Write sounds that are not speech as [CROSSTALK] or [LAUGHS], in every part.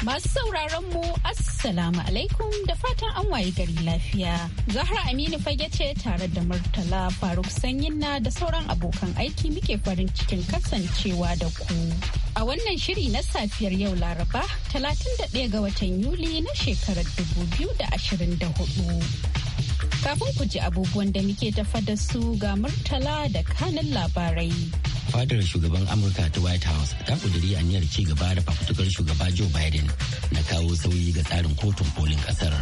Masu sauraron mu Assalamu alaikum da fatan an waye gari lafiya. Zahra Aminu fage ce tare da Murtala Faruk Sanyinna da sauran abokan aiki muke farin cikin kasancewa da ku. A wannan shiri na safiyar yau Laraba, 31 ga watan Yuli na shekarar 2024. Kafin ku ji abubuwan da muke tafa da su ga Murtala da kanin labarai. fadar shugaban amurka ta white house ta kuduri aniyar ci gaba da fafutukar shugaba joe biden na kawo sauyi ga tsarin kotun kolin kasar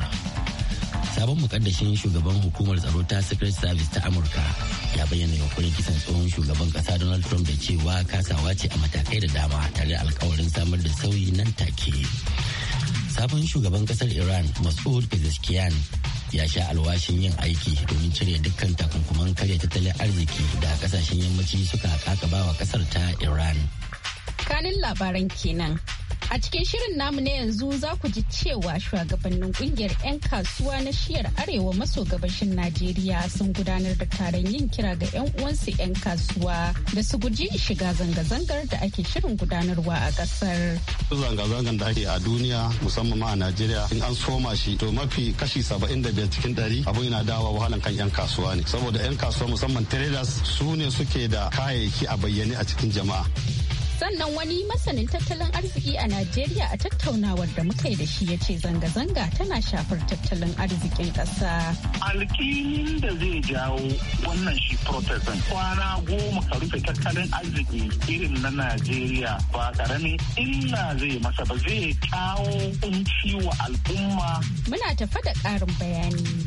sabon mukaddashin shugaban hukumar tsaro ta secret service ta amurka ya bayyana yankunan kisan tsohon shugaban kasa donald trump da cewa kasawa ce a matakai da dama tare da alkawarin samar da sauyi nan take sabon shugaban kasar iran masud pezeshkian ya sha alwashin yin aiki domin cire dukkan takunkuman karya tattalin arziki da kasashen yammaci suka kaka bawa kasar ta iran kanin labaran kenan A cikin shirin namu na yanzu za ku ji cewa shugabannin kungiyar 'yan kasuwa na shiyar arewa maso gabashin Najeriya sun gudanar da taron yin kira ga 'yan uwansu 'yan kasuwa da su guji shiga zanga-zangar da ake shirin gudanarwa a kasar. Zanga-zangar da ake a duniya musamman ma a Najeriya in an soma shi to mafi kashi biyar cikin dari abun yana dawa wahalan kan 'yan kasuwa ne saboda 'yan kasuwa musamman traders su ne suke da kayayyaki a bayyane a cikin jama'a. sannan wani masanin tattalin arziki a najeriya a tattaunawar da muka yi da shi yace zanga-zanga tana shafar tattalin arzikin ƙasa. alkinin da zai jawo wannan shi protestant kwana goma ka rufe tattalin arziki irin na najeriya ba karami illa zai masa ba zai kawo kunci wa al'umma muna tafa da ƙarin bayani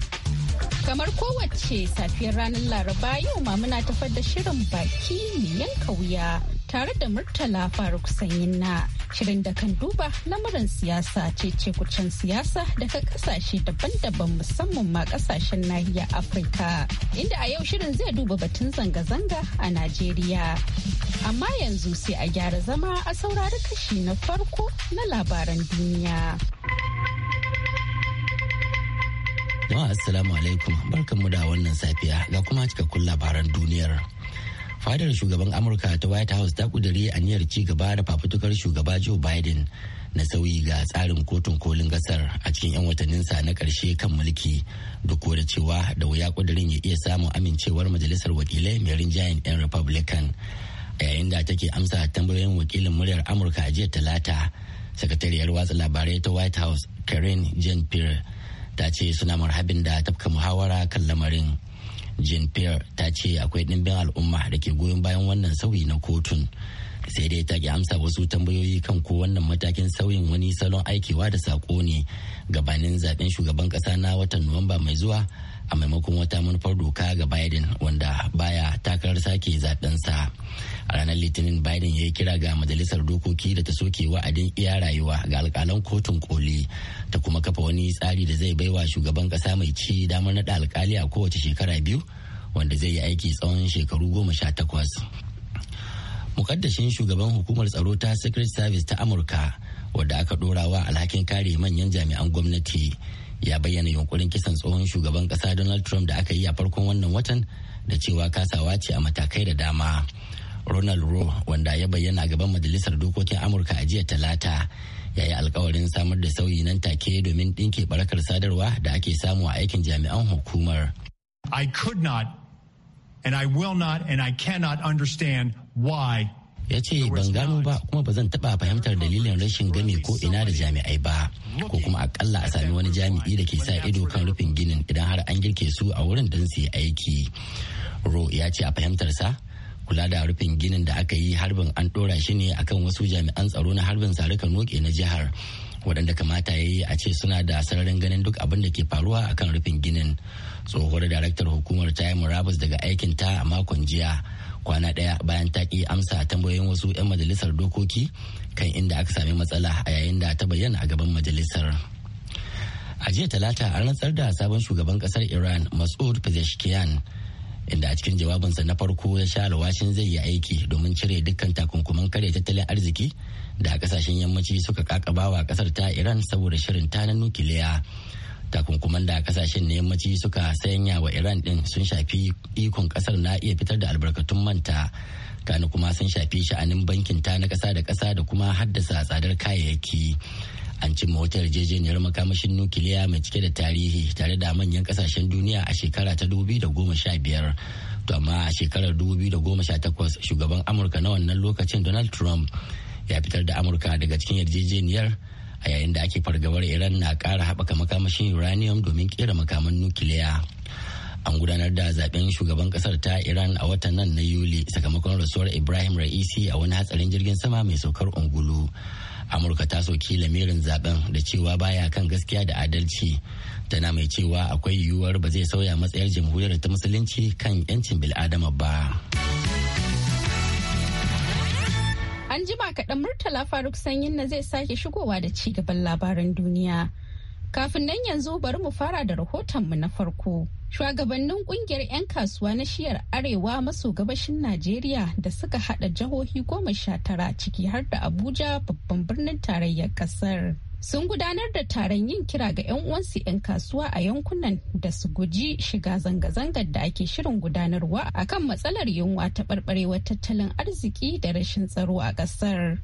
Kamar kowace safiyar ranar Laraba yau ma muna tafar da shirin baki mai yanka wuya tare da Murtala Faruk Sanyin na shirin da kan duba lamarin siyasa ce ce kucin siyasa daga kasashe daban-daban musamman ma kasashen nahiyar Afirka. Inda a yau shirin zai duba batun zanga-zanga a Najeriya. Amma yanzu sai a gyara zama a saurari kashi na farko na labaran duniya. Jama'a Assalamu alaikum barkanmu da wannan safiya ga kuma cikakkun labaran duniyar. Fadar shugaban Amurka ta White House ta a aniyar ci gaba da fafutukar shugaba Joe Biden na sauyi ga tsarin kotun kolin gasar a cikin 'yan watanninsa na karshe kan mulki duk da cewa da wuya kudirin ya iya samun amincewar majalisar wakilai mai rinjayen 'yan Republican. A yayin da take amsa tambayoyin wakilin muryar Amurka a jiya talata, sakatariyar watsa labarai ta White House Karen Jean Pierre ta ce suna marhabin da tafka muhawara kan lamarin jean pierre ta ce akwai ɗimbin al'umma da ke goyon bayan wannan sauyi na kotun sai dai ta ki amsa wasu tambayoyi kan ko wannan matakin sauyin wani salon aikewa da sako ne gabanin zaben shugaban kasa na watan nuwamba mai zuwa a maimakon wata manufar doka ga biden wanda baya takarar sake zaɓensa a ranar litinin biden ya yi kira ga majalisar dokoki da ta soke wa'adin iya rayuwa ga alkalan kotun koli ta kuma kafa wani tsari da zai baiwa shugaban ƙasa mai ci damar naɗa alkali a kowace shekara biyu wanda zai yi aiki tsawon shekaru goma sha takwas mukaddashin shugaban hukumar tsaro ta secret service ta amurka wadda aka ɗorawa alhakin kare manyan jami'an gwamnati ya bayyana yunkurin kisan tsohon shugaban kasa donald trump da aka yi a farkon wannan watan da cewa kasawa ce a matakai da dama ronald roe wanda ya bayyana gaban majalisar dokokin amurka a jiya talata ya yi alkawarin samar da sauyi nan take domin ɗinke barakar sadarwa da ake samu a aikin jami'an hukumar i could not and i will not and i cannot understand why ya ce ban gano ba kuma ba zan taɓa fahimtar dalilin rashin gami ko ina da jami'ai ba ko kuma akalla a sami wani jami'i da ke sa ido kan rufin ginin idan har an girke su a wurin don su yi aiki ro ya ce a fahimtar sa kula da rufin ginin da aka yi harbin an dora shi ne akan wasu jami'an tsaro na harbin sarika noke na jihar waɗanda kamata ya yi a ce suna da sararin ganin duk abin da ke faruwa akan rufin ginin tsohuwar daraktar hukumar ta yi murabus daga aikinta a makon jiya kwana ɗaya bayan ta ki amsa tambayoyin wasu 'yan majalisar dokoki kan inda aka sami matsala a yayin da ta bayyana a gaban majalisar. A jiya talata an rantsar da sabon shugaban kasar Iran mas'ud Pezeshkian inda a cikin jawabinsa na farko ya sha alwashin zai yi aiki domin cire dukkan takunkuman karya tattalin arziki da kasashen yammaci suka kakabawa kasar ta iran saboda shirin ta nukiliya takunkuman da kasashen na yammaci suka sanya wa iran din sun shafi ikon kasar na iya fitar da albarkatun manta kana kuma sun shafi sha'anin bankin ta na kasa da kasa da kuma haddasa tsadar kayayyaki an cimma wata yarjejeniyar makamashin nukiliya mai cike da tarihi tare da manyan kasashen duniya a shekara ta 2015 to amma a shekarar 2018 shugaban amurka na wannan lokacin donald trump ya fitar da amurka daga cikin yarjejeniyar a yayin da ake fargabar iran na kara haɓaka makamashin uranium domin kera makaman nukiliya an gudanar da zaben shugaban kasar ta iran a watan nan na yuli sakamakon rasuwar ibrahim ra'isi a wani hatsarin jirgin sama mai saukar ungulu amurka ta soki lamirin zaben da cewa baya kan gaskiya da adalci tana mai cewa akwai yiwuwar ba zai sauya matsayar jamhuriyar ta musulunci kan 'yancin bil'adama ba. An jima kaɗan Murtala Faruk Sanyin na zai sake shigowa da ci gaban labaran duniya. Kafin nan yanzu bari mu fara da rahotonmu na farko. Shugabannin kungiyar 'yan kasuwa na shiyar Arewa maso gabashin Najeriya da suka hada jihohi goma sha tara ciki har da Abuja babban birnin tarayyar ƙasar. sun gudanar da taron yin kira ga 'yan uwansu 'yan kasuwa a yankunan da su guji shiga zanga-zangar da ake shirin gudanarwa a kan matsalar yunwa ta barbarewar tattalin arziki da rashin tsaro a ƙasar.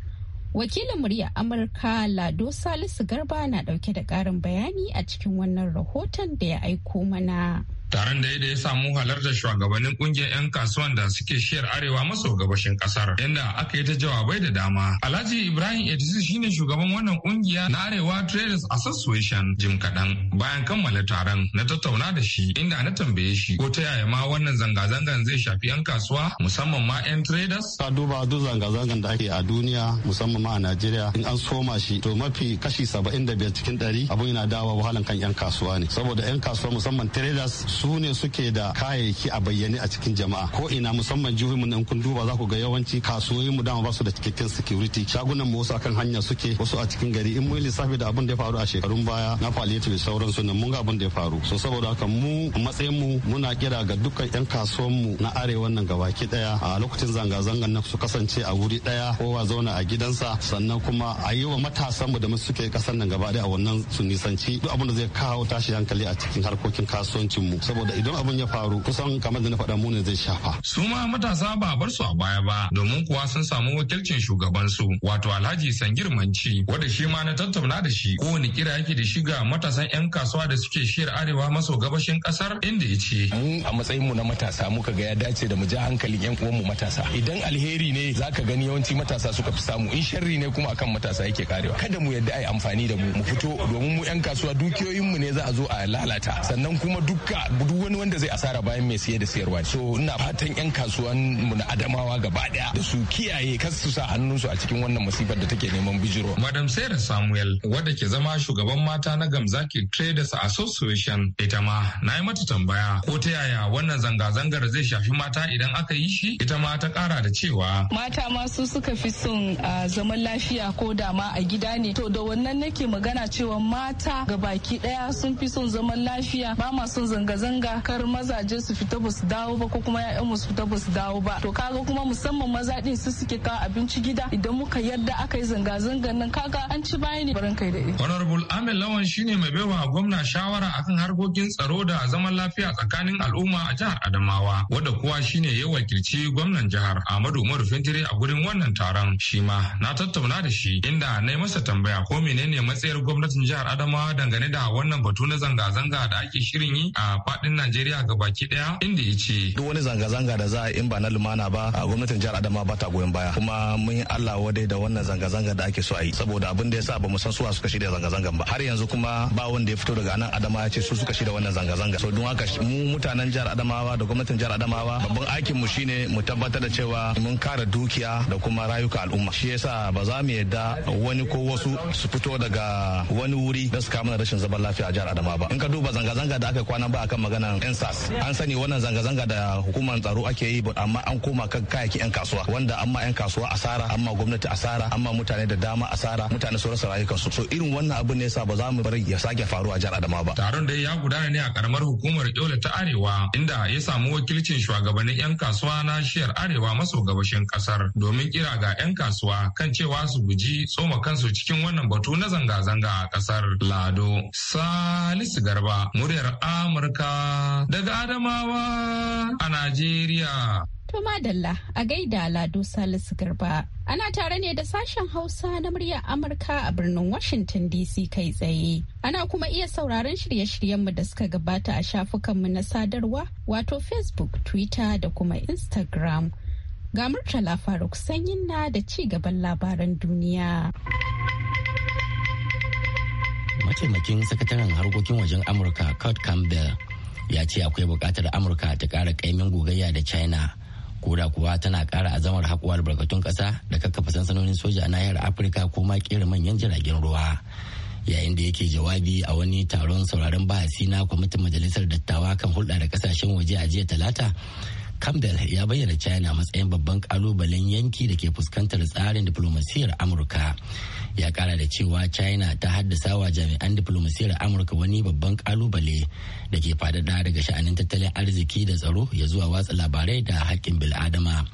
Wakilin murya Amurka Lado Salisu Garba na ɗauke da ƙarin bayani a cikin wannan rahoton da ya aiko mana. taron da ya samu halartar shugabannin kungiyar 'yan kasuwan da suke shiyar arewa maso gabashin kasar inda aka yi ta jawabai da dama alhaji ibrahim edisi shine shugaban wannan kungiya na arewa traders association jim kaɗan bayan kammala taron na tattauna da shi inda na tambaye shi ko ta yaya ma wannan zanga-zangan zai shafi 'yan kasuwa musamman ma 'yan traders ka duba duk zanga-zangan da ake a duniya musamman ma a najeriya in an soma shi to mafi kashi saba'in da biyar cikin ɗari abun yana dawa wahalan kan 'yan kasuwa ne saboda 'yan kasuwa musamman traders su ne suke da kayayyaki a bayyane a cikin jama'a ko ina musamman jihohi mun kun duba za ku ga yawanci kasuwoyin mu dama ba su da cikakken security shagunan mu wasu akan hanya suke wasu a cikin gari in mun lissafi da abin da ya faru a shekarun baya na faliyatu da sauransu nan mun ga abin da ya faru so saboda haka mu matsayin mu muna kira ga dukkan yan kasuwan mu na arewa nan gabaki daya a lokacin zanga-zangan nan su kasance a wuri daya kowa zauna a gidansa sannan kuma a yi wa matasan mu da mu suke kasan nan gaba daya a wannan su nisanci duk abin da zai kawo tashi hankali a cikin harkokin kasuwancin mu saboda idan abin ya faru kusan kamar da na faɗa mu zai shafa. su ma matasa ba bar su a baya ba domin kuwa sun samu wakilcin shugabansu wato alhaji sangir manci wanda shi ma na tattauna da shi kowane kira yake da shi ga matasan 'yan kasuwa da suke shiyar arewa maso gabashin kasar inda ya mu a matsayin mu na matasa muka ga ya dace da mu ja hankalin 'yan mu matasa idan alheri ne zaka gani yawanci matasa suka fi samu in sharri ne kuma akan matasa yake karewa kada mu yadda ai amfani da mu mu fito domin mu 'yan kasuwa dukiyoyin mu ne za a zo a lalata sannan kuma dukka duk wani wanda zai asara bayan mai siye da siyarwa so ina fatan yan kasuwan mu na adamawa gaba daya da su kiyaye kar su sa su a cikin wannan masifar da take neman bijiro madam sarah samuel wadda ke zama shugaban mata na gamzaki traders association ita ma na yi mata tambaya ko ta yaya wannan zanga-zangar zai shafi mata idan aka yi shi ita ma ta kara da cewa mata ma su suka fi son zaman lafiya ko da ma a gida ne to da wannan nake magana cewa mata ga baki daya sun fi son zaman lafiya ba ma son zanga-zanga zanga kar mazaje su fita ba su dawo ba ko kuma ya'yan su fita ba su dawo ba to kaga kuma musamman maza din su suke kawo abinci gida idan muka yarda aka yi zanga-zangan nan kaga an ci baya ne barin kai da honorable amin lawan shine mai baiwa gwamna shawara akan harkokin tsaro da zaman lafiya tsakanin al'umma a jihar adamawa wadda kuwa shine ya wakilci gwamnan jihar Amadu umaru fintiri a gurin wannan taron shi ma na tattauna da shi inda na yi masa tambaya ko menene matsayar gwamnatin jihar adamawa dangane da wannan batu na zanga-zanga da ake shirin yi a faɗin Najeriya ga baki ɗaya inda ya ce. Duk wani zanga-zanga da za a in ba na lumana ba a gwamnatin jihar Adama ba ta goyon baya kuma mun yi Allah wadai da wannan zanga-zanga da ake so a yi saboda abin da ya sa ba mu san suwa suka shirya zanga-zangan ba har yanzu kuma ba wanda ya fito daga nan Adama ya ce su suka shirya wannan zanga-zanga. So don haka mu mutanen jihar Adamawa da gwamnatin jihar Adamawa babban aikin mu shine mu tabbatar da cewa mun kare dukiya da kuma rayuka al'umma. Shi yasa ba za mu yadda wani ko wasu su fito daga wani wuri da su kama rashin zaman lafiya a jihar Adamawa ba. In ka duba zanga-zanga da aka kwana ba akan maganar yan an sani wannan zanga-zanga da hukumar tsaro ake yi amma an koma kan kayayyakin yan kasuwa wanda amma yan kasuwa asara amma gwamnati asara amma mutane da dama asara mutane su rasa rayukansu so irin wannan abin ne yasa ba za mu bar ya sake faruwa a jihar Adamawa ba taron da ya gudana ne a karamar hukumar Yola ta Arewa inda ya samu wakilcin shugabannin yan kasuwa na shiyar Arewa maso gabashin kasar domin kira ga yan kasuwa kan cewa su guji tsoma kansu cikin wannan batu na zanga-zanga a kasar Lado Salisu Garba muryar Amurka daga Adamawa a Najeriya. To Madalla a gaida Lado Salisu Garba. Ana tare ne da sashen Hausa na muryar Amurka a birnin Washington DC kai tsaye. Ana kuma iya sauraron shirye-shiryenmu da suka gabata a shafukanmu na sadarwa wato Facebook, Twitter da kuma Instagram. Ga Murtala Faruk sanyin na da ci gaban labaran duniya. Mataimakin sakataren harkokin wajen Amurka Kurt Campbell ya ce akwai buƙatar amurka ta ƙara ƙaimin gogayya da china koda kuwa tana kara azamar haƙuwa albarkatun ƙasa da kakkafa sansanonin soja a nahiyar afirka ko ma ƙera manyan jiragen ruwa yayin da yake jawabi a wani taron sauraron bahasi na kwamitin majalisar dattawa kan hulɗa da ƙasashen waje a jiya talata campbell ya bayyana china matsayin babban kalubalen yanki da ke fuskantar tsarin diplomasiyar amurka ya kara da cewa china ta haddasa wa jami'an diplomasiyar amurka wani babban kalubale da ke fadada daga sha'anin tattalin arziki da tsaro ya zuwa watsa labarai da haƙƙin bil'adama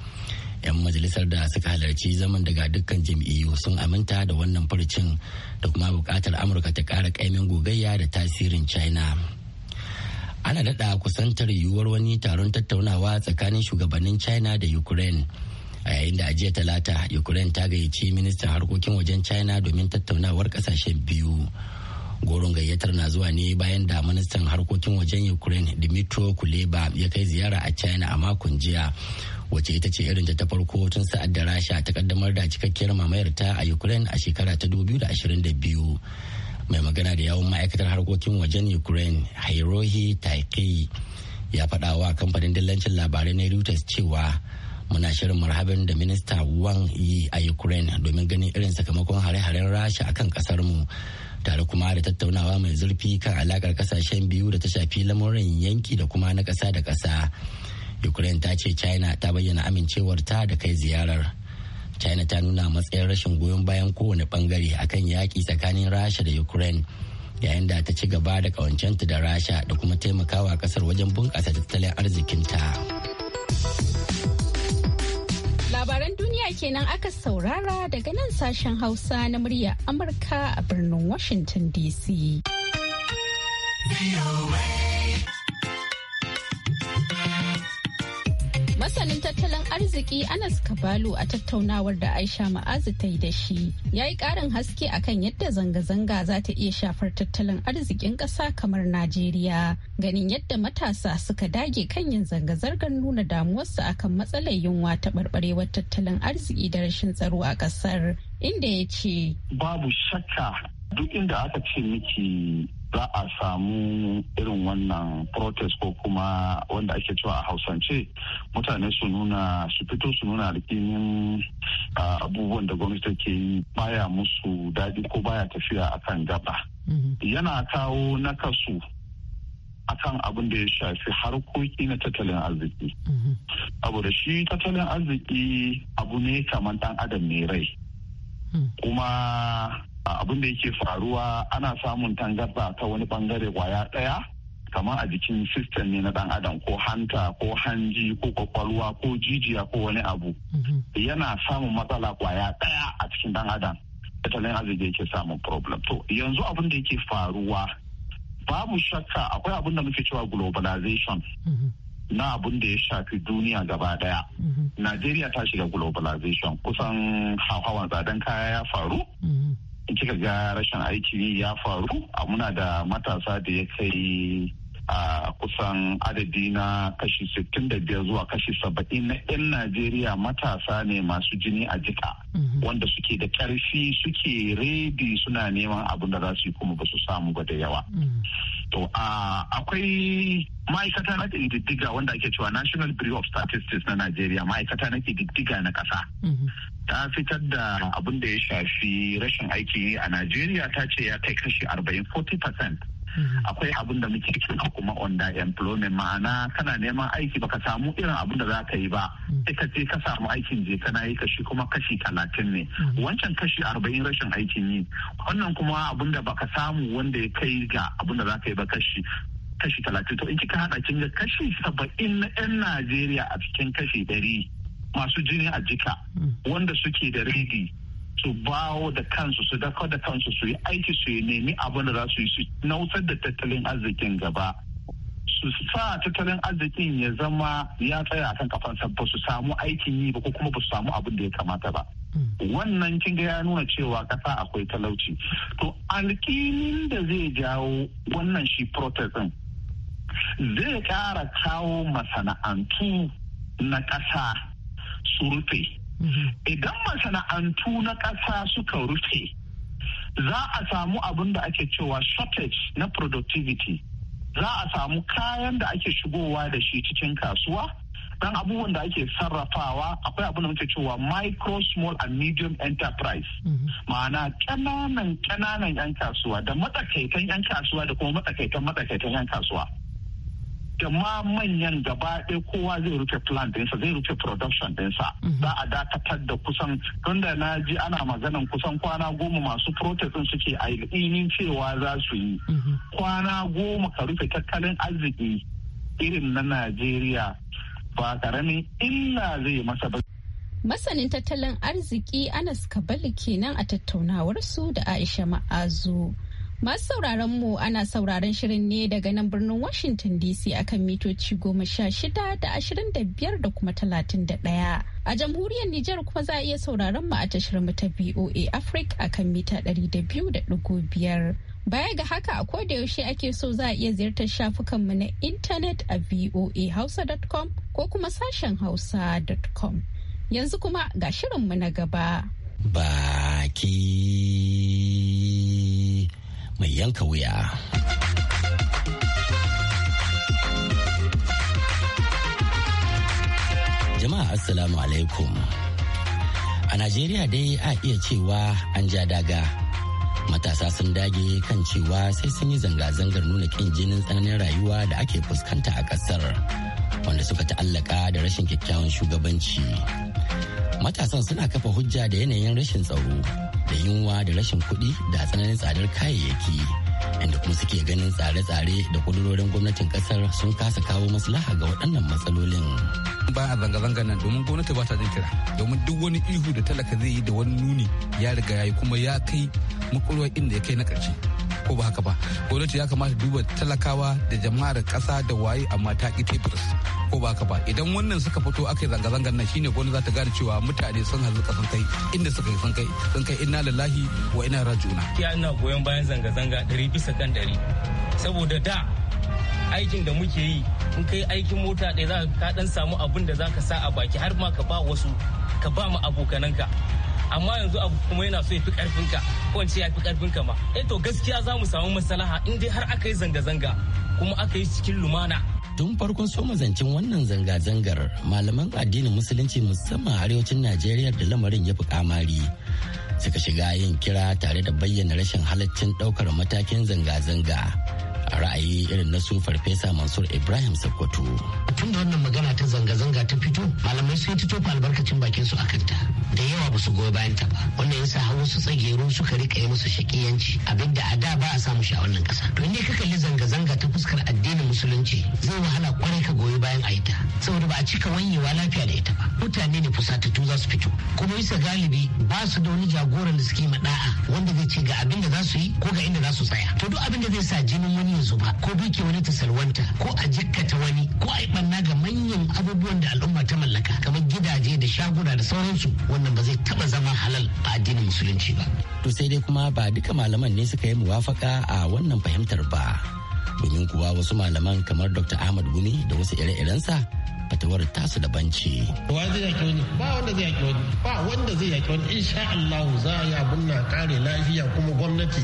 'yan majalisar da suka halarci zaman daga dukkan jam'iyyu sun aminta da wannan furcin da kuma buƙatar amurka ta ƙara ƙaimin gogayya da tasirin china ana daɗa kusantar yiwuwar wani taron tattaunawa tsakanin shugabannin china da ukraine a yayin da ajiya talata ukraine ta gayyaci ministan harkokin wajen china domin tattaunawar kasashen biyu goron gayyatar na zuwa ne bayan da ministan harkokin wajen ukraine dimitro kuleba ya kai ziyara a china a makon jiya wace ita ce irin ta farko tun sa'ad da rasha ta kaddamar da cikakkiyar mamayar ta a ukraine a shekara ta 2022 mai magana da yawon ma'aikatar harkokin wajen ukraine hairohi taikai ya faɗa wa kamfanin dillancin labarai na reuters cewa muna shirin marhaban da minista wang yi a ukraine domin ganin irin sakamakon hare-haren rasha akan mu tare kuma da tattaunawa mai zurfi kan alakar kasashen biyu da ta shafi lamurin yanki da kuma na ƙasa da ƙasa ukraine ta ce china ta bayyana amincewarta da kai ziyarar china ta nuna matsayin rashin goyon bayan kowane bangare akan yaƙi tsakanin rasha da ukraine yayin da ta ci gaba da ƙawancenta da rasha da kuma taimakawa kasar wajen bunƙasa tattalin arzikinta labaran duniya kenan aka saurara daga nan sashen hausa na murya amurka a birnin washington dc masanin tattalin arziki anas kabalu a tattaunawar da aisha ma'azu ta yi da shi ya yi karin haske akan yadda zanga-zanga za ta iya shafar tattalin arzikin ƙasa kamar najeriya ganin yadda matasa suka dage kan yin zanga-zangar nuna damuwarsu akan matsalar yunwa ta barbarewar tattalin arziki da rashin tsaro a ƙasar inda ya ce babu shakka duk inda aka ce miki za a samu irin wannan protest ko kuma wanda ake cewa a hausance mutane su nuna su fito su nuna alkinin abubuwan da gwamnati ke yi baya musu daɗi ko baya tafiya akan gaba mhm. yana kawo nakasu akan abin da ya shafi harkoki na tattalin arziki mhm. da shi tattalin arziki abu ne kamar dan adam ne rai hmm. kuma abin da yake faruwa ana samun tangarda ta wani bangare kwaya ɗaya kamar a jikin system ne na dan adam ko hanta ko hanji ko kwakwalwa ko jijiya ko wani abu mm-hmm. yana samun matsala kwaya ɗaya a cikin dan adam tattalin arziki yake samun problem to yanzu abin da yake faruwa babu shakka akwai abin da muke cewa globalization mm-hmm. na abin da ya shafi duniya gaba daya. Mm-hmm. Nigeria ta shiga globalization kusan hauhawan tsadan kaya ya faru in kika ga rashin aikin yi ya faru a muna da matasa da ya kai a kusan adadi na kashi sittin da biyar zuwa kashi 70 na 'yan Najeriya matasa ne masu jini a jika mhm. wanda suke da ƙarfi suke redi suna neman abin da za su yi kuma ba su samu ba da yawa. Mhm. To akwai ma'aikata na diddiga wanda ake cewa National Bureau of Statistics na Najeriya ma'aikata na diddiga na ƙasa. Mhm. Ta fitar da abin da ya shafi rashin aiki a Najeriya ta ce ya kai kashi arba'in 40 40%. Mm-hmm. akwai abin da muke kira kuma under employment ma'ana kana neman aiki baka samu irin abin da za ka yi ba sai mm-hmm. ka ka samu aikin je kana yi kashi kuma kashi talatin ne mm-hmm. wancan kashi arba'in rashin aikin yi wannan kuma abin da baka samu wanda ya kai ga abin da za ka yi ba kashi kashi talatin to in kika hada kin ga kashi saba'in na 'yan Najeriya a cikin kashi ɗari masu jini a jika wanda suke da rigi. su bawo da kansu su dafa da kansu su yi aiki su yi nemi abin da za su yi su nautar da tattalin arzikin gaba su sa tattalin arzikin ya zama ya tsaya akan kafansa ba su samu aikin yi ba ko kuma ba su samu abin da ya kamata ba wannan kin ga ya nuna cewa kasa akwai talauci to alkinin da zai jawo wannan shi protest din zai kara kawo masana'antu na kasa su rufe idan masana'antu na ƙasa suka rufe za a samu abin da ake cewa shortage na productivity za a samu kayan da ake shigowa da shi cikin kasuwa dan abubuwan da ake sarrafawa akwai abin da muke cewa micro small and medium enterprise mm-hmm. ma'ana ƙananan ƙananan 'yan kasuwa da matsakaitan 'yan kasuwa da kuma matsakaitan matsakaitan 'yan kasuwa da ma manyan gaba ɗaya kowa zai rufe plan dinsa zai rufe production dinsa mhm. za a dakatar da kusan tunda na ji ana maganan kusan kwana goma masu protest din suke ilimin cewa za su yi mhm. kwana goma ka rufe tattalin arziki irin na najeriya ba karamin illa zai masa ba masanin tattalin arziki anas kabali kenan a tattaunawarsu da aisha ma'azu Masu sauraron mu ana sauraron shirin ne daga nan birnin Washington DC akan mitoci goma sha shida da ashirin da biyar da kuma talatin da ɗaya. A jamhuriyar Nijar kuma za a iya sauraron mu a tashar mu ta VOA Africa akan mita ɗari da biyu da ɗigo biyar. Baya ga haka a koda yaushe ake so za a iya ziyartar shafukan mu na intanet a voahausa.com ko kuma sashen hausa.com. Yanzu kuma ga shirin mu na gaba. Baki. mai yanka wuya. Jama'a Assalamu alaikum. A Najeriya dai a iya cewa an ja daga. Matasa sun dage kan cewa sai sun yi zanga-zangar nuna kin jinin tsananin rayuwa da ake fuskanta a ƙasar, wanda suka ta'allaka da rashin kyakkyawan shugabanci. Matasan suna kafa hujja da yanayin rashin tsaro. da yunwa da rashin kuɗi da tsananin tsadar kayayyaki inda kuma suke ganin tsare-tsare da kudurorin gwamnatin kasar sun kasa kawo maslaha ga waɗannan matsalolin. ba a zanga-zanga nan domin gwamnati ba ta jin kira domin duk wani ihu da talaka zai yi da wani nuni ya riga ya yi kuma ya kai makulwar inda ya kai na ƙarshe ko ba haka ba gwamnati ya kamata duba talakawa da jama'ar ƙasa da waye amma ta ki teburs ko ba haka ba idan wannan suka fito aka yi zanga-zangar nan shine gwamnati za ta gane cewa mutane sun ka sun kai inda suka yi sun kai sun kai inna lillahi wa ina rajuna ya ina goyon bayan zanga-zanga ɗari bisa kan ɗari saboda da aikin da muke yi in kai aikin mota ɗaya za ka dan samu abin da za ka sa a baki har ma ka ba wasu ka ba mu abokananka amma yanzu abu kuma yana so ya fi ka ko in ce ya fi ka ma eh to gaskiya za mu samu masalaha in dai har aka yi zanga-zanga kuma aka yi cikin lumana tun farkon soma zancen wannan zanga-zangar malaman addinin musulunci musamman arewacin najeriya da lamarin ya fi kamari suka shiga yin kira tare da bayyana rashin halaccin daukar matakin zanga-zanga a ra'ayi irin na su farfesa mansur ibrahim sakkwato tun da wannan magana ta zanga-zanga ta fito malamai sun fito albarkacin bakin su akan ta da yawa ba su goyi bayan ta ba wannan yasa hau su tsageru suka rika yi musu shakiyanci abin da a da ba a samu shi a wannan kasa to ne ka kalli zanga-zanga ta fuskar addinin musulunci zai wahala kwarai ka goyi bayan a ita saboda ba a cika wanyewa lafiya da ita ba mutane ne fusatattu za su fito kuma isa galibi ba su da wani jagoran da suke ma da'a wanda zai ce ga abin da za su yi ko ga inda za su tsaya to duk abin da zai sa jinin wani ba ko bai wani ta salwanta ko a jikkata wani ko a yi banna ga manyan abubuwan da al'umma ta mallaka kamar gidaje da shaguna da sauransu wannan ba zai taba zama halal a addinin musulunci ba. To sai dai kuma ba duka malaman ne suka yi muwafaka a wannan fahimtar ba. Domin kuwa wasu malaman kamar Dr. Ahmad Gumi da wasu ire-irensa fatawar tasu da banci. Wa zai yaki wani? Ba wanda zai yaki wani. Ba wanda zai yaki wani. Insha Allah za a yi abin na kare lafiya kuma gwamnati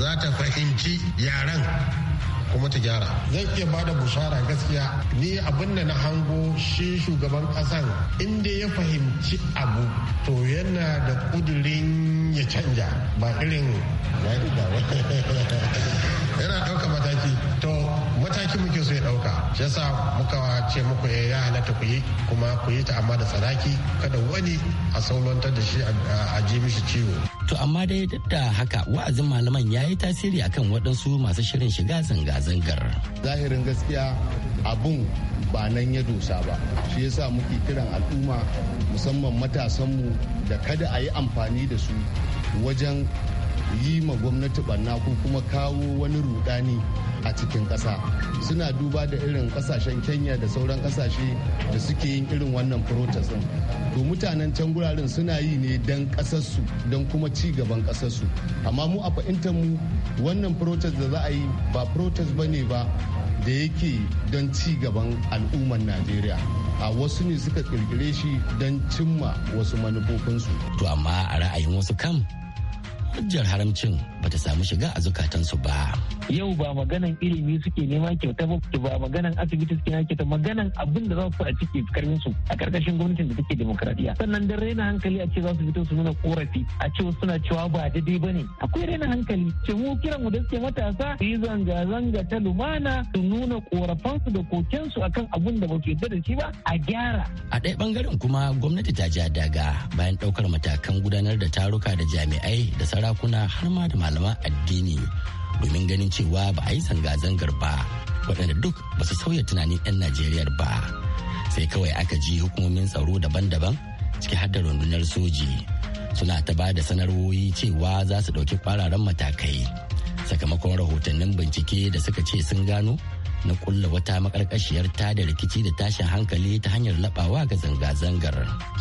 za ta fahimci yaran kuma ta gyara zan iya bada bushara gaskiya ni abin da na hango shi shugaban kasan inda ya fahimci abu to yana da kudirin ya canja ba irin ya [LAUGHS] yana ɗauka mataki to mataki muke so ya ɗauka shi sa muka ce muku eh, ya halatta ku yi kuma ku yi ta amma da tsanaki kada wani a saulantar da shi a ji mishi ciwo to amma dai duk da haka wa'azin malaman ya yi tasiri akan waɗansu masu shirin shiga zanga-zangar zahirin gaskiya abun ba nan ya dosa ba shi yasa muke kiran al'umma musamman matasanmu da kada a yi amfani da su wajen yi ma gwamnati banna ko kuma kawo wani rudani a cikin ƙasa suna duba da irin ƙasashen kenya da sauran ƙasashe da suke yin irin wannan protest din to mutanen can guraren suna yi ne don ƙasarsu don kuma ci gaban ƙasarsu amma mu a fahimtar mu wannan protest da za a yi ba protest ba ne ba da yake don ci gaban al'ummar najeriya a wasu ne suka kirkire shi don cimma wasu manufofinsu to amma a ra'ayin wasu kam hujjar haramcin bata samu shiga a zukatansu ba. Yau ba maganan ilimi suke nema kyauta ba ba maganan asibiti suke nema kyauta maganan abin da za su a ciki karfin su a karkashin gwamnatin da take demokradiya. Sannan dan raina hankali a ce za su fito su nuna korafi a ce suna cewa ba daidai ba ne. Akwai raina hankali ce mu kiran mu da suke matasa su yi zanga-zanga ta lumana su nuna korafansu da kokensu akan abin da ba su da shi ba a gyara. A ɗaya bangaren kuma gwamnati ta ja daga bayan ɗaukar matakan gudanar da taruka da jami'ai da sauran sarakuna har ma da malaman addini domin ganin cewa ba a yi zanga-zangar ba waɗanda duk ba su sauya tunanin 'yan najeriya ba sai kawai aka ji hukumomin tsaro daban-daban ciki har da rundunar soji suna ta ba da sanarwoyi cewa za su ɗauki kwararan matakai sakamakon rahotannin bincike da suka ce sun gano na kulla wata makarkashiyar ta da rikici da tashin hankali ta hanyar labawa ga zanga-zangar.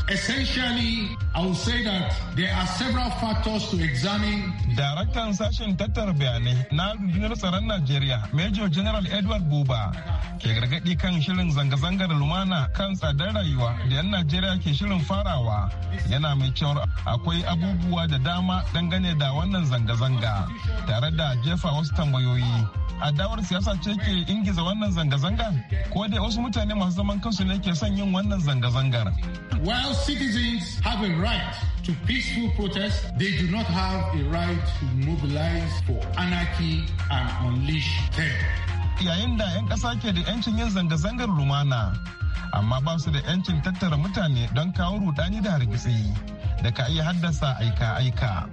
Essentially, I would say that there are several factors to examine. Daraktan sashen tattara bayanai na rundunar tsaron Najeriya, Major General Edward Buba, ke gargadi kan shirin zanga-zangar lumana kan tsadar rayuwa da 'yan Najeriya ke shirin farawa. Yana mai cewar akwai abubuwa da dama dangane da wannan zanga-zanga, tare da jefa wasu tambayoyi. adawar siyasa ce ke ingiza wannan zanga-zangar ko dai wasu mutane masu zaman kansu ne ke son yin wannan zanga-zangar. While citizens have a right to peaceful protest, they do not have a right to mobilize for anarchy and unleash terror. yayin da 'yan ƙasa ke da 'yancin yin zanga-zangar lumana amma ba su da 'yancin tattara mutane don kawo rudani da hargitsi da ka iya haddasa aika-aika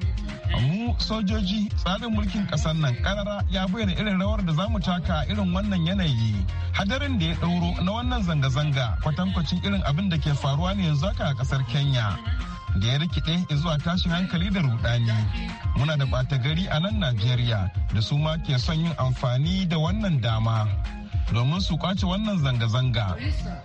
mu sojoji tsarin mulkin ƙasar nan karara ya bayyana irin rawar da za mu taka irin wannan yanayi hadarin da ya ɗauro na wannan zanga-zanga kwatankwacin irin abin da ke faruwa ne yanzu haka a ƙasar kenya da ya rikide zuwa tashin hankali da rudani muna da ɓata gari a nan najeriya da su ma ke son yin amfani da wannan dama domin su kwace wannan zanga-zanga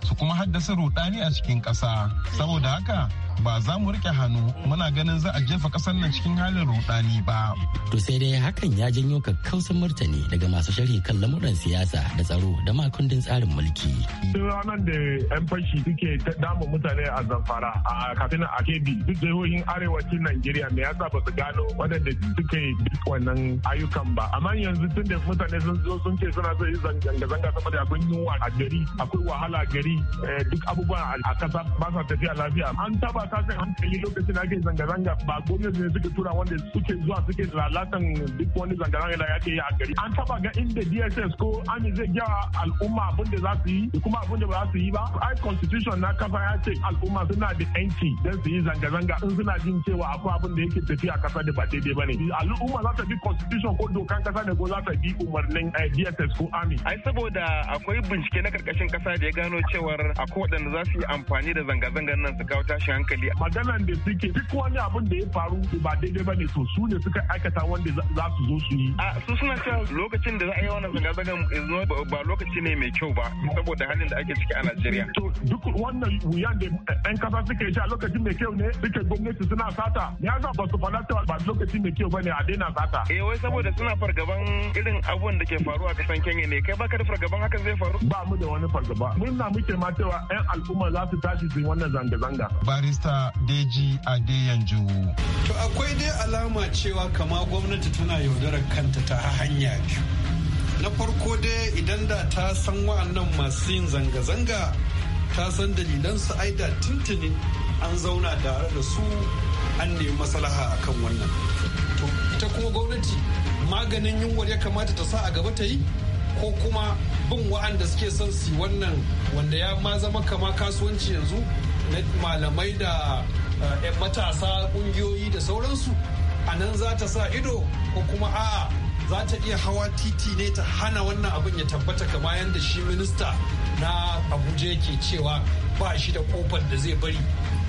su kuma haddasa rudani a cikin ƙasa saboda haka ba za mu rike hannu muna ganin za a jefa kasar nan cikin halin rudani ba. To sai dai hakan ya janyo kakkausan martani daga masu sharhi kan lamuran siyasa da tsaro da makundin tsarin mulki. Duk ranar da 'yan fashi suke damu mutane a zamfara a kafin a kebi duk jihohin arewacin Najeriya me yasa ba su gano wadanda suke duk wannan ayyukan ba. Amma yanzu tun da mutane sun zo sun ce suna so yi zanga-zanga saboda akwai yunwa a gari akwai wahala gari eh, duk abubuwa a kasa ba sa tafiya lafiya an taba tashin hankali lokacin da ake zanga-zanga ba gwamnati ne suka tura wanda suke zuwa suke lalatan duk wani zanga-zanga da ake yi a gari an taba ga inda dss ko ami zai gyara al'umma abin da za su yi da kuma abin da ba su yi ba ai constitution na kafa ya ce al'umma suna da yanci don su yi zanga-zanga in suna jin cewa akwai abin da yake tafiya kasa da ba daidai ba ne al'umma za ta bi constitution ko dokan kasa ne ko za ta bi umarnin eh, dss ko ami ai saboda akwai bincike na karkashin kasa da ya gano cewar akwai waɗanda za su yi amfani da zanga-zangar nan su kawo tashin hankali hankali maganan da suke duk wani abun da ya faru ba daidai bane to su ne suka aikata wanda za su zo su yi a su suna cewa lokacin da za a yi wannan zanga-zangan ba lokaci ne mai kyau ba saboda halin da ake ciki a Najeriya to duk wannan wuyan da ɗan kasa suke ji a lokacin mai kyau ne suke gwamnati suna sata ya za ba su falata ba lokacin mai kyau bane a daina sata eh wai saboda suna fargaban irin abun da ke faruwa a kasan Kenya ne kai baka da fargaban hakan zai faru ba mu da wani fargaba mun na muke ma cewa yan al'umma za su tashi su yi wannan zanga-zanga barista Farfesa Deji Adeyanju. To akwai dai alama cewa kama gwamnati tana yaudarar kanta ta hanya biyu. Na farko dai idan da ta san wa'annan masu yin zanga-zanga ta san dalilansu aida tuntuni an zauna tare da su an nemi a kan wannan. To ita kuma gwamnati maganin yunwar ya kamata ta sa a gaba ta yi ko kuma bin wa'anda suke son su wannan wanda ya ma zama kama kasuwanci yanzu malamai da eh, 'yan matasa kungiyoyi da sauransu a nan za ta sa ido ko kuma a'a za ta iya hawa titi ne ta hana wannan abin ya tabbata kama yadda shi minista na abuja yake cewa ba shi da kofar da zai bari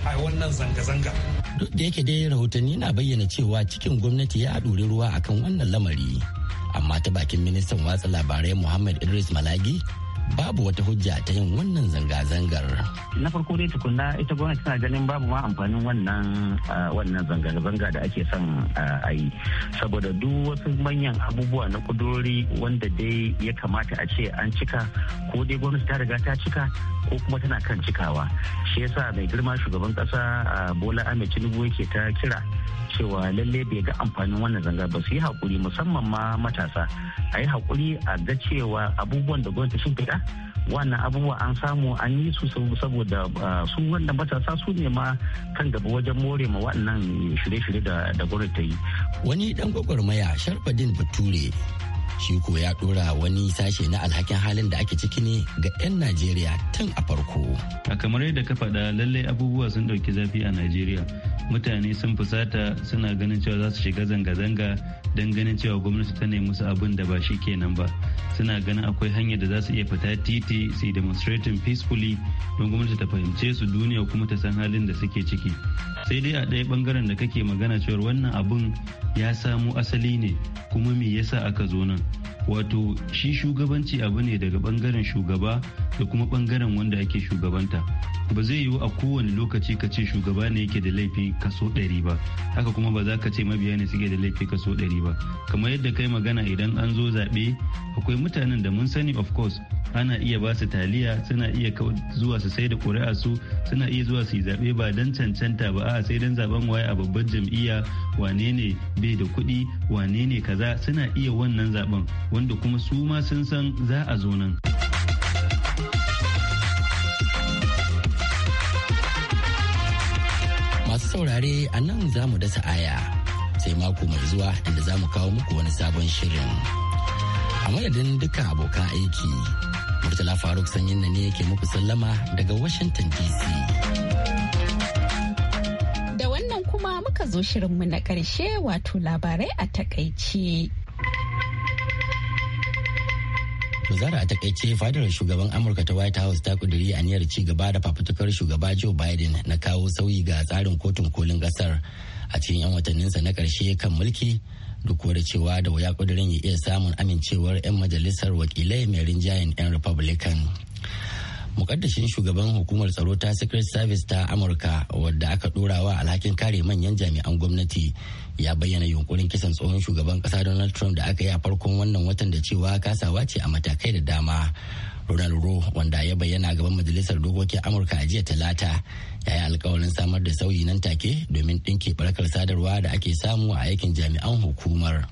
a wannan zanga-zanga duk da yake dai rahotanni na bayyana cewa cikin gwamnati ya ɗori ruwa akan wannan lamari amma ta bakin ministan watsa labarai muhammad idris malagi babu wata hujja ta yin wannan zanga-zangar. Na farko dai tukunna ita gwamnati tana ganin babu ma amfanin wannan wannan zanga-zanga da ake son a yi. Saboda duk wasu manyan abubuwa na kudurori wanda dai ya kamata a ce an cika ko dai gwamnati ta riga ta cika ko kuma tana kan cikawa. Shi yasa mai girma shugaban kasa Bola Ahmed Tinubu yake ta kira cewa lalle bai ga amfanin wannan zanga ba su yi hakuri musamman ma matasa a yi hakuri a ga cewa abubuwan da gwamnati sun fita wannan abubuwa an samu an yi su saboda ah, su wannan matasa su ne ma kan gaba wajen more ma wannan shirye-shirye da gwamnati ta yi wani dan gwagwarmaya sharfadin bature shi ko ya dora wani sashe na alhakin halin da ake ciki ne ga 'yan najeriya tun a farko a kamar yadda ka faɗa lallai abubuwa sun ɗauki zafi a najeriya mutane sun fusata suna ganin cewa za su shiga zanga-zanga don ganin cewa gwamnati ta nemi musu abin da ba shi kenan ba suna ganin akwai hanyar da za su iya fita titi su yi demonstrating peacefully don gwamnati ta fahimce su duniya kuma ta san halin da suke ciki sai dai a ɗaya bangaren da kake magana cewar wannan abun ya samu asali ne kuma me yasa aka zo nan wato shi shugabanci abu ne daga bangaren shugaba da kuma bangaren wanda ake shugabanta ba zai yiwu a kowane lokaci ka ce shugaba ne yake da laifi kaso ɗari ba haka kuma ba za ka ce mabiya ne suke da laifi kaso ɗari ba kamar yadda kai magana idan an zo zaɓe akwai mutanen da mun sani of course ana iya ba su taliya suna iya zuwa su sai da ƙuri'a su suna iya zuwa su yi zaɓe ba dan cancanta ba a sai dan zaɓen waye a babbar jam'iyya wane ne bai da kuɗi wane ne kaza suna iya wannan zaben wanda kuma su ma sun san za a zo nan. Masu saurare a nan za mu dasa aya sai mako mai zuwa inda za mu kawo muku wani sabon shirin. A madadin duka abokan aiki, Murtala Faruk Sanyin na ne yake muku sallama daga Washington DC. Da wannan kuma muka zo shirinmu na ƙarshe wato labarai a takaice. To zara a takaice fadar shugaban Amurka ta White House ta kuduri aniyar ci gaba da fafutukar shugaba Joe Biden na kawo sauyi ga tsarin kotun kolin kasar a cikin 'yan watanninsa na karshe kan mulki duk da cewa da waya kudurin ya iya samun amincewar 'yan majalisar wakilai mai rinjayen 'yan Republican. Mukaddashin shugaban hukumar tsaro ta Secret Service ta Amurka wadda aka dora wa alhakin kare manyan jami'an gwamnati ya bayyana yunkurin kisan tsohon shugaban kasa donald trump da aka yi a farkon wannan watan da cewa kasawa ce a matakai da dama Ronald Roe wanda ya bayyana gaban majalisar dokokin Amurka a jiya talata ya yi alkawarin samar da sauyi nan take domin ɗinke barkar sadarwa da ake samu a aikin jami'an hukumar.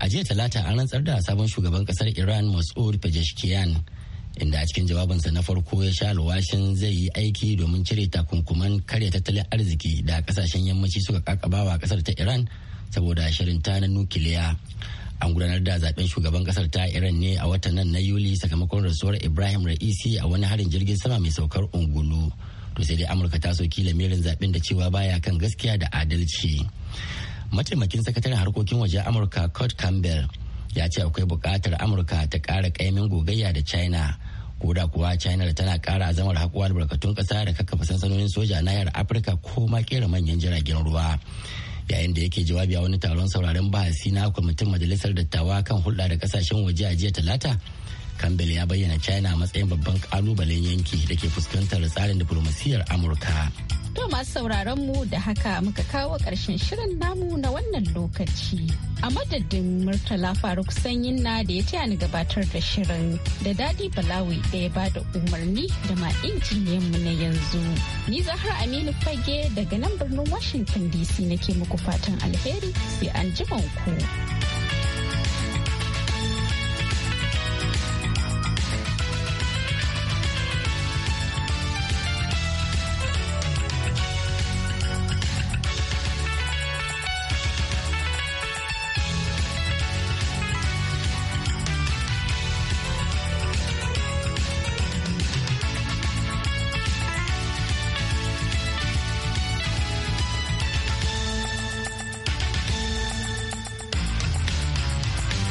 A jiya talata an rantsar da sabon shugaban kasar Iran Masoud Pezeshkian inda a cikin jawabinsa na farko ya sha alwashin zai yi aiki domin cire takunkuman karya tattalin arziki da kasashen yammaci suka kakabawa kasar ta iran saboda shirin ta na nukiliya an gudanar da zaben shugaban kasar ta iran ne a watan nan na yuli sakamakon rasuwar ibrahim ra'isi a wani harin jirgin sama mai saukar ungulu to sai dai amurka ta soki lamirin zaben da cewa baya kan gaskiya da adalci mataimakin sakataren harkokin waje amurka kurt campbell ya ce akwai buƙatar amurka ta ƙara ƙaimin gogayya da china ko da kuwa china da tana ƙara azamar haƙuwa barkatun ƙasa da kakkafa sansanonin soja na yar afirka ko ma ƙera manyan jiragen ruwa yayin da yake jawabi a wani taron sauraren bahasi na kwamitin majalisar dattawa kan hulɗa da ƙasashen waje a jiya talata campbell ya bayyana china a matsayin babban kalubalen yanki da ke fuskantar tsarin diflomasiyyar amurka To masu sauraron mu da haka muka kawo ƙarshen shirin namu na wannan lokaci. A madadin Murtala Faruk Sanyin na da ya taya ni gabatar da shirin da Dadi Balawi da ya bada umarni da ma inci mu na yanzu. Ni Zahra Aminu Fage daga nan birnin Washington DC nake muku fatan alheri sai an ku.